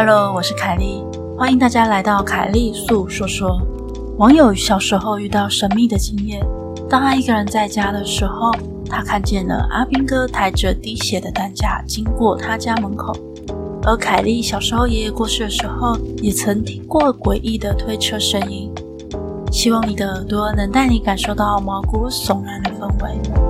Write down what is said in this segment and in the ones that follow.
Hello，我是凱莉，歡迎大家來到凱莉粟說說。網友小時候遇到神秘的經驗，當他一個人在家的時候，他看見了阿兵哥抬着滴血的擔架經過他家門口。而凱莉小時候爺爺過世的時候，也曾聽過詭異的推車聲音。希望你的耳朵能帶你感受到毛骨悚然的氛圍。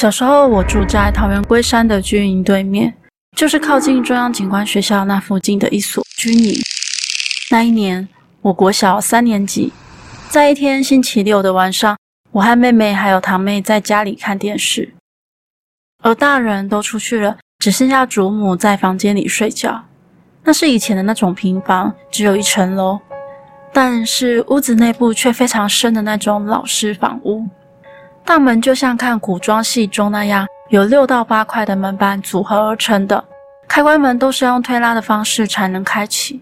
小時候，我住在桃園龜山的軍營對面，就是靠近中央警官學校那附近的一所軍營。那一年，我國小三年級，在一天星期六的晚上，我和妹妹還有堂妹在家裡看電視，而大人都出去了，只剩下祖母在房間裡睡覺。那是以前的那種平房，只有一層樓，但是屋子內部卻非常深的那種老式房屋。大門就像看古裝戲中那樣，由六到八塊的門板組合而成的。開關門都是用推拉的方式才能開啟。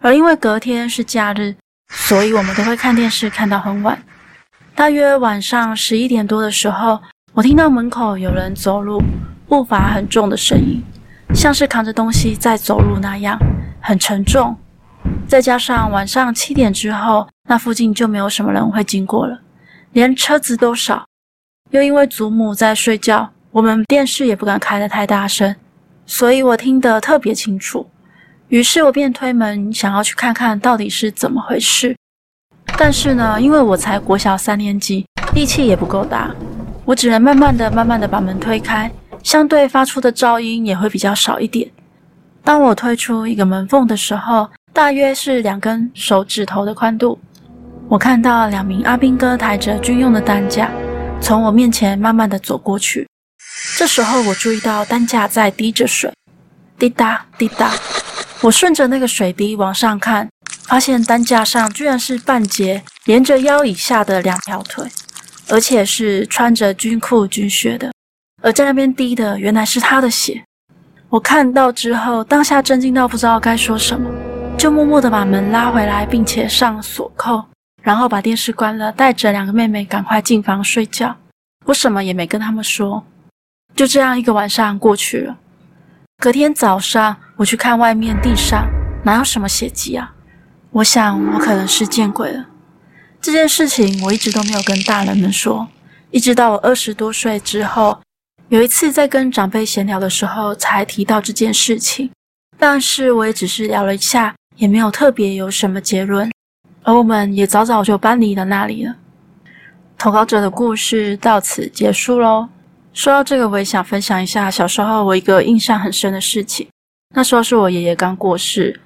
而因為隔天是假日，所以我們都會看電視看到很晚。大約晚上十一點多的時候，我聽到門口有人走路，步伐很重的聲音，像是扛着東西在走路那樣，很沉重。再加上晚上七點之後，那附近就沒有什麼人會經過了。連車子都少，又因為祖母在睡覺，我們電視也不敢開得太大聲，所以我聽得特別清楚。於是我便推門想要去看看到底是怎麼回事。但是呢，因為我才國小三年級，力氣也不夠大，我只能慢慢的慢慢的把門推開，相對發出的噪音，也會比較少一點。當我推出一個門縫的時候，大約是兩根手指頭的寬度。我看到兩名阿兵哥抬着軍用的擔架，從我面前慢慢的走過去。這時候我注意到擔架在滴着水，滴答滴答。我順着那個水滴往上看，發現擔架上居然是半截連着腰以下的兩條腿，而且是穿着軍褲軍靴的。而在那邊滴的原來是他的血。我看到之後，當下震驚到不知道該說什麼，就默默的把門拉回來，並且上了鎖扣。然後把電視關了，帶着兩個妹妹趕快進房睡覺。我什麼也沒跟他們說，就這樣一個晚上過去了。隔天早上，我去看外面地上，哪有什麼血跡啊？我想我可能是見鬼了。這件事情我一直都沒有跟大人們說，一直到我二十多歲之後，有一次在跟長輩閒聊的時候才提到這件事情，但是我也只是聊了一下，也沒有特別有什麼結論。而我們也早早就搬離了那裡了。投稿者的故事到此結束嘍。說到這個，我也想分享一下小時候我一個印象很深的事情。那時候是我爺爺剛過世，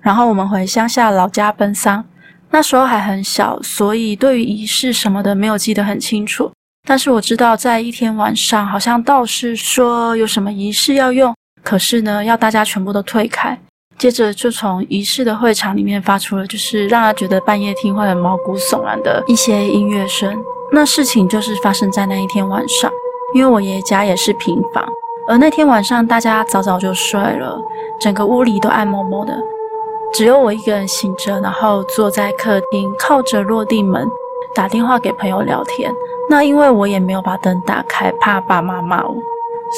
然後我們回鄉下老家奔喪。那時候還很小，所以對於儀式什麼的沒有記得很清楚。但是我知道，在一天晚上，好像道士說有什麼儀式要用，可是呢，要大家全部都退開。接着就從儀式的會場裡面發出了，就是讓他覺得半夜聽會很毛骨悚然的一些音樂聲。那事情就是發生在那一天晚上，因為我爺爺家也是平房，而那天晚上大家早早就睡了，整個屋裡都暗摸摸的，只有我一個人醒着，然後坐在客廳靠着落地門打電話給朋友聊天。那因為我也沒有把燈打開，怕爸媽罵我，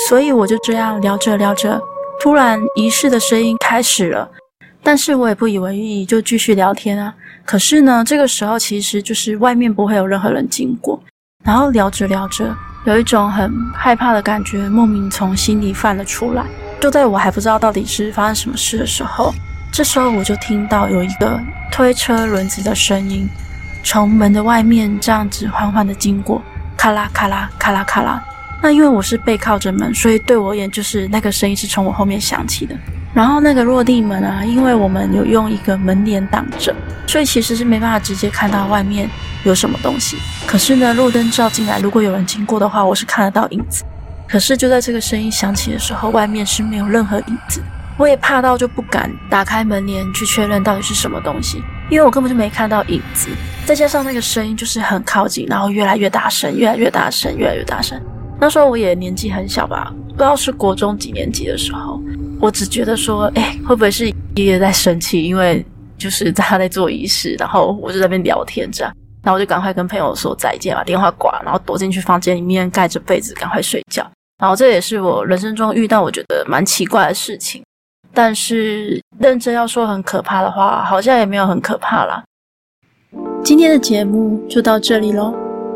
所以我就這樣聊着聊着。突然，儀式的聲音開始了，但是我也不以為意，就繼續聊天啊。可是呢，這個時候其實就是外面不會有任何人經過，然後聊着聊着，有一種很害怕的感覺，莫名從心裡泛了出來。就在我還不知道到底是發生什麼事的時候，這時候我就聽到有一個推車輪子的聲音，從門的外面這樣子緩緩的經過，咔啦咔啦咔啦咔啦。卡拉卡拉那因為我是背靠着門，所以對我而言就是那個聲音是從我後面響起的。然後那個落地門啊，因為我們有用一個門簾擋着，所以其實是沒辦法直接看到外面有什麼東西。可是呢，路燈照進來，如果有人經過的話，我是看得到影子。可是就在這個聲音響起的時候，外面是沒有任何影子。我也怕到就不敢打開門簾去確認到底是什麼東西，因為我根本就沒看到影子。再加上那個聲音就是很靠近，然後越來越大聲，越來越大聲，越來越大聲。那時候我也年紀很小吧，不知道是國中幾年級的時候，我只覺得說，哎、欸，會不會是爺爺在生氣？因為就是他在做儀式，然後我就在那邊聊天這樣，然後我就趕快跟朋友說再見，把電話掛，然後躲進去房間裡面蓋着被子，趕快睡覺。然後這也是我人生中遇到我覺得蠻奇怪的事情，但是認真要說很可怕的話，好像也沒有很可怕啦。今天的節目就到這裡嘍。